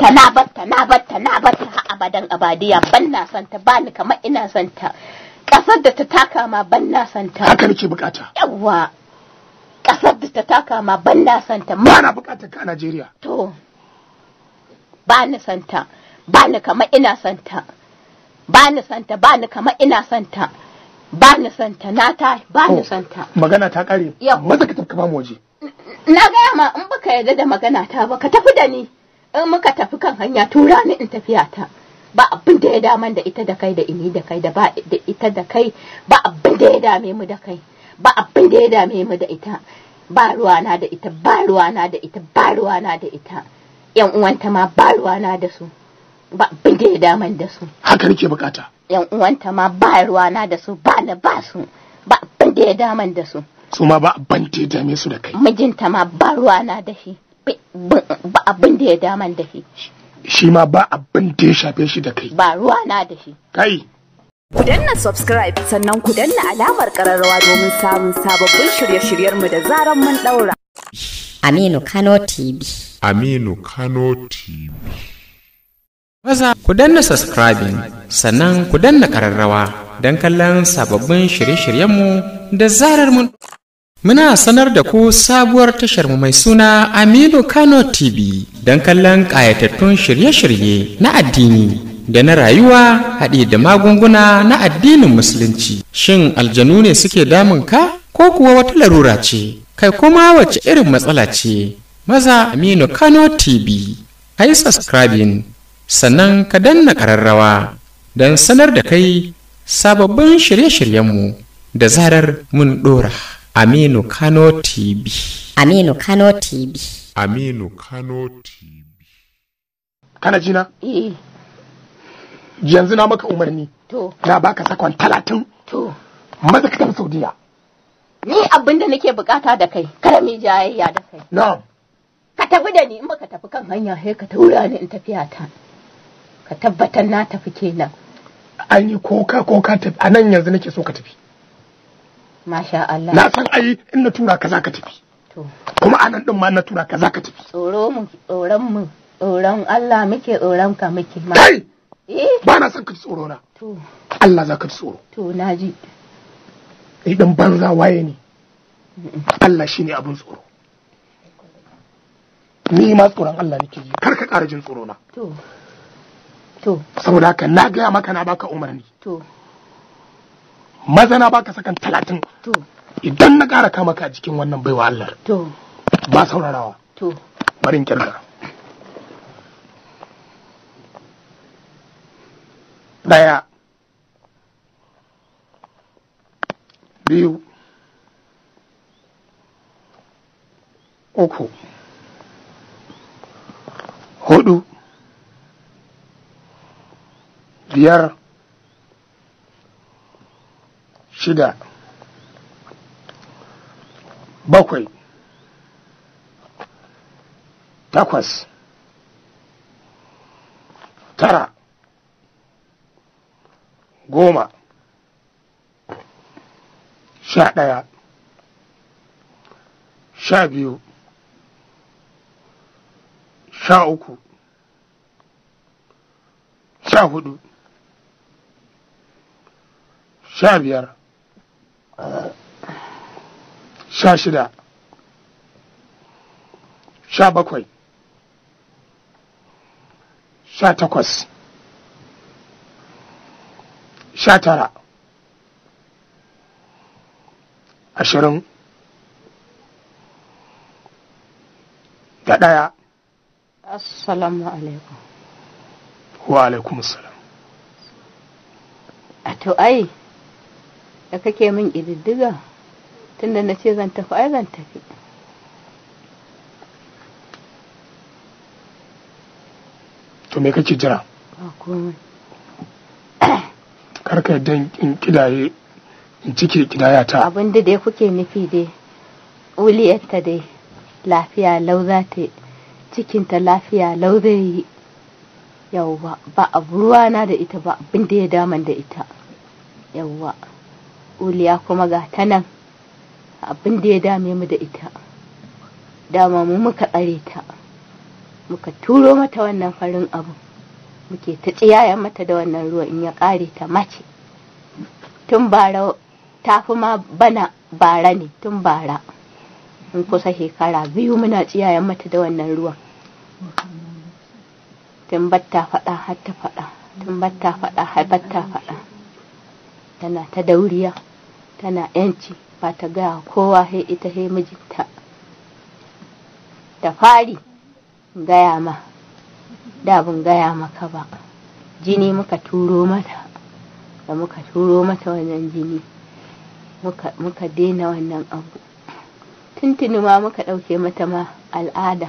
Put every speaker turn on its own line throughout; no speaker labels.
batta na batta na batta na batta ha abadan abadiya ban na santa ba ni kamar ina santa kasar da ta taka ma ban na santa haka nake bukata yawa kasar da ta taka ma ban na santa ba na bukata ka a Najeriya to ba ni santa ba ni kamar ina santa ba ni santa ba ni kamar ina santa ba ni santa na ta ba ni oh, santa
magana ta kare maza ka tafka ba waje
na gaya ma in baka yarda da magana ta ba ka tafi da ni in muka tafi kan hanya tura ni in tafiya ta ba abin da ya daman da ita da kai da ini da kai da ba da ita da kai ba abin da ya dame mu da kai ba abin da ya dame mu da ita ba ruwana da ita ba ruwana da ita ba ruwana da ita yan uwanta ma ba ruwana da su ba abin da ya daman da su
haka nake bukata
yan uwanta ma ba ruwana da su ba na ba su ba abin da ya daman da su
su ma ba abin da ya dame su da kai
mijinta ma ba ruwana da shi ba abin da ya daman da shi
shi ma ba abin da ya shafe shi da kai ba
ruwa na da shi kai Ku danna subscribe sannan ku danna alamar kararrawa domin samun sababbin shirye-shiryenmu da zaran mun daura.
Aminu Kano TV. Aminu Kano TV. Maza ku danna subscribing sannan ku danna kararrawa don kallon sababbin shirye-shiryenmu da zarar mun Muna sanar da ku sabuwar tasharmu mai suna Aminu Kano TV don kallon ƙayatattun shirye-shirye na addini da na rayuwa haɗe da magunguna na addinin Musulunci. Shin aljanu ne suke damun ka ko kuwa wata larura ce? Kai kuma wace irin matsala ce? Maza Aminu Kano TV, yi subscribing sannan ka danna ƙararrawa don sanar da kai sababbin shirye-shiryenmu da zarar mun ɗora. Aminu Kano TV. Aminu Kano TV. Aminu
Kano TV.
Kana jina? Eh. Yanzu na maka umarni. To. Na baka sakon talatin. To. Maza ka tafi Saudiya.
Ni abin da nake bukata da kai, kada mu jayayya da kai. Na'am. Ka tafi da ni in baka tafi kan hanya sai ka tura ni in tafiya ta. Ka tabbatar na tafi kenan. Ai ni ko ka tafi anan yanzu nake so ka tafi. Masha Allah. Na san ai in na tura ka za ka tafi. Kuma nan ɗin ma na tura ka za ka tafi. Tsoro mu tsoron mu tsoron Allah muke tsoron ka muke ma. Kai! Eh. Ba na son ka ji tsoro na. Allah za ka ji tsoro. To na ji. Idan banza waye ne.
Allah shi ne abin tsoro. Ni ma tsoron Allah nake ji kar ka ƙara jin
tsoro na. To. To. Saboda haka na
gaya maka na baka umarni. To. maza na baka sakan talatin idan na ƙara kama ka jikin wannan baiwa Allah ba saurarawa barin kirga ɗaya biyu uku hudu biyar shida bakwai takwas tara goma sha ɗaya sha biyu sha uku sha hudu sha biyar sha shida sha bakwai sha takwas sha tara ashirin da ɗaya
assalamu alaikum
wa alaikum salam
a to ai da kake min ƙididdiga tunda na ce zan tafi ai zan tafi
to me kake jira komai karka yadda in kidaye in cike kidaya ta
abin da dai kuke nufi dai wuliyarta dai lafiya lau za ta cikinta lafiya lau zai yi yauwa ba abu ruwana da ita ba abin da ya daman da ita yauwa uliya kuma ga ta nan abin da ya dame mu da ita dama mu muka tsare ta muka turo mata wannan farin abu muke ta tsiyaya mata da wannan ruwa in ya ƙare ta mace tun bara ta fi ma bana bara ne tun bara in kusa shekara biyu muna tsiyayen mata da wannan ruwa. tun batta faɗa har ta faɗa tun batta faɗa har batta faɗa tana ta dauriya tana 'yanci ba ta gaya kowa he ita he mijinta da fari gaya ma da bin gaya maka ba jini muka turo mata da muka turo mata wannan jini muka daina wannan abu tuntuni ma muka ɗauke mata ma al'ada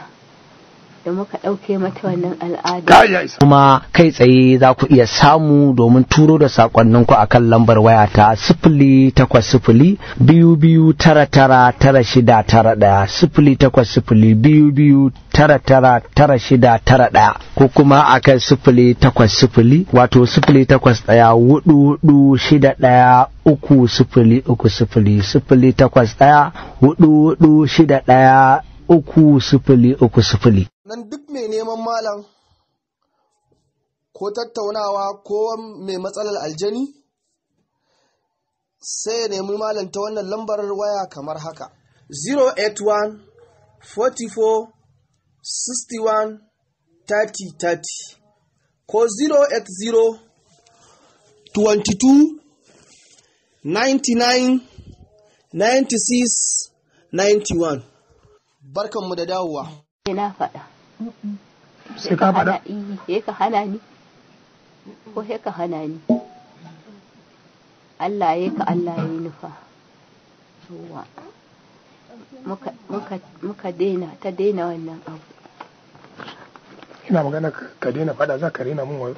da muka ɗauke mata wannan al'ada.
Kuma kai tsaye za ku iya samu domin turo da sakonninku a kan lambar waya ta sifili takwas sifili biyu biyu tara tara tara shida tara ɗaya sifili takwas sifili biyu biyu tara tara tara shida tara ɗaya ko kuma a kan sifili takwas sifili wato sifili takwas ɗaya hudu hudu shida ɗaya uku sifili uku sifili sifili takwas ɗaya hudu hudu shida ɗaya uku sifili uku sifili nan duk mai neman malam ko tattaunawa ko mai matsalar aljani sai ya nemi malam ta wannan lambar waya kamar haka 081 44 61 30 30 ko 080 22 99 96 91 barkanmu da dawowa Ina faɗa sai ka
faɗa eh, sai ka hana ni ko sai ka hana ni Allah ya ka Allah ya nufa yawa muka daina ta daina wannan abu
ina magana ka daina faɗa za ka daina mun wayo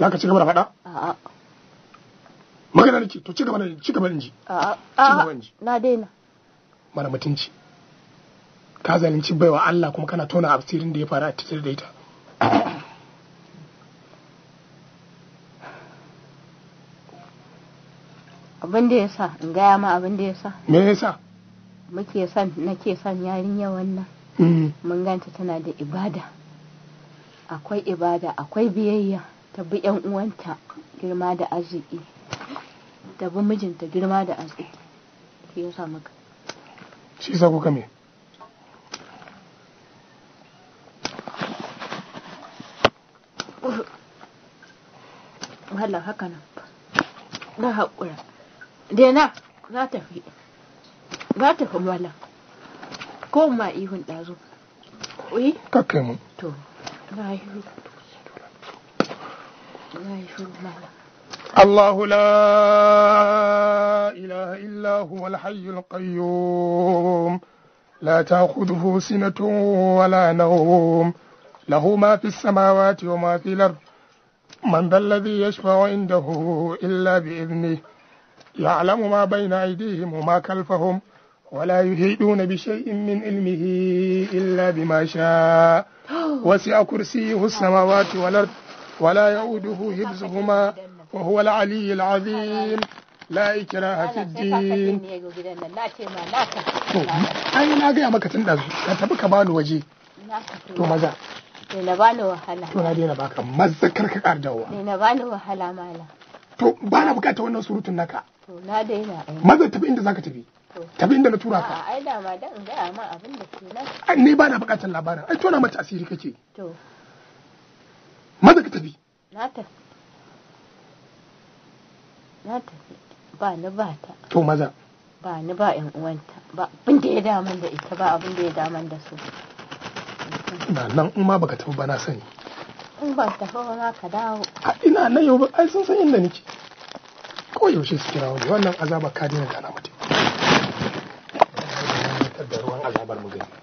za ka ci gaba da faɗa a'a magana nake to cigaba gaba da ci gaba ji na daina mana mutunci ka zalunci baiwa Allah kuma kana tona absirin da ya faru a tattare da ita
abin da ya sa in gaya ma abin da ya sa me ya sa muke son nake son yarinya wannan mm. mun ganta tana da ibada akwai ibada akwai biyayya ta bi yan uwanta girma da arziki ta bi mijinta girma da arziki ke yasa maka
shi yasa kuka me
wahala haka nan na haƙura dena za ta fi za ta fi mala ko ma ihun ɗazu uyi kakai mu to na yi shuru na yi mala
الله لا إله إلا هو الحي القيوم لا تأخذه سنة ولا نوم له ما في السماوات وما في الأرض من ذا الذي يشفع عنده إلا بإذنه يعلم ما بين أيديهم وما خلفهم ولا يهيدون بشيء من علمه إلا بما شاء وسع كرسيه السماوات والأرض ولا يؤوده حفظهما وهو العلي العظيم لا إكراه في الدين ai na gaya maka tun ɗazu ka tafi ka bani waje
to maza ne ka ƙar
to ba na bukatar wannan surutun naka to tafi inda zaka tafi tafi inda na tura ka ni ba na bukatar labarin ai tona mata asiri kake
to maza ka tafi na tafi na tafi ba ni ba ta to maza ba ni ba yan uwanta ba abin da ya daman da ita ba abin da ya daman da su
na nan in ma baka tafi ba na sani
in ba tafi ba ka dawo
a ina nan yau ba ai sun san inda nake ko yaushe su kira wani wannan azaba ka dina gana mata da ruwan azabar mu gani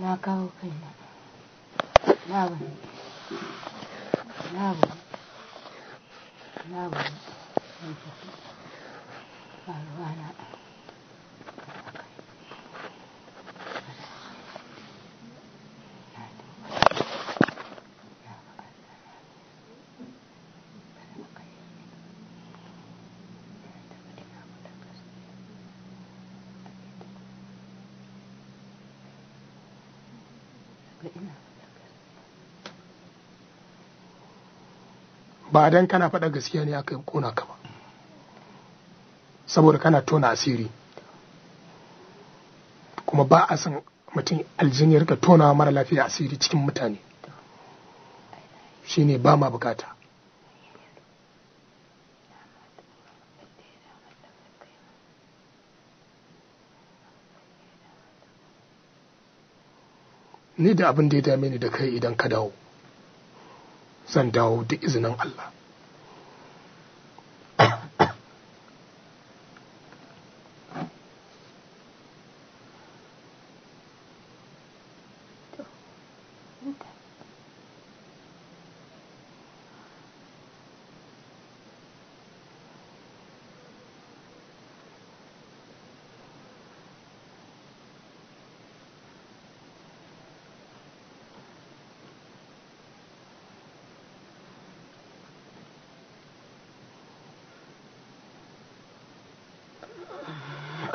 中岡になぶになぶになぶになぶになぶに
ba dan kana faɗa gaskiya ne aka kona ka ba saboda kana tona asiri kuma ba a san mutum aljin ya rika tona mara lafiya asiri cikin mutane shine ba ma bukata ni da abin da ya dame ni da kai idan ka dawo zan dawo da izinin Allah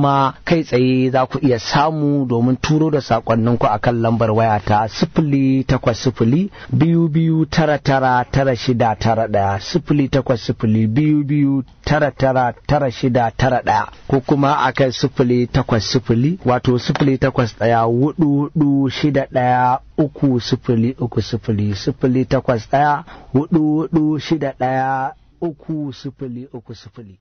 kuma kai tsaye za ku iya samu domin turo da sakonninku ku akan lambar waya ta sifili takwas sifili biyu biyu tara tara tara shida tara ɗaya sifili takwas sifili biyu biyu tara tara tara shida tara ɗaya ko kuma a kan sifili takwas sifili wato sifili takwas ɗaya hudu hudu shida ɗaya uku sifili uku sifili sifili takwas ɗaya hudu hudu shida ɗaya uku sifili uku sifili.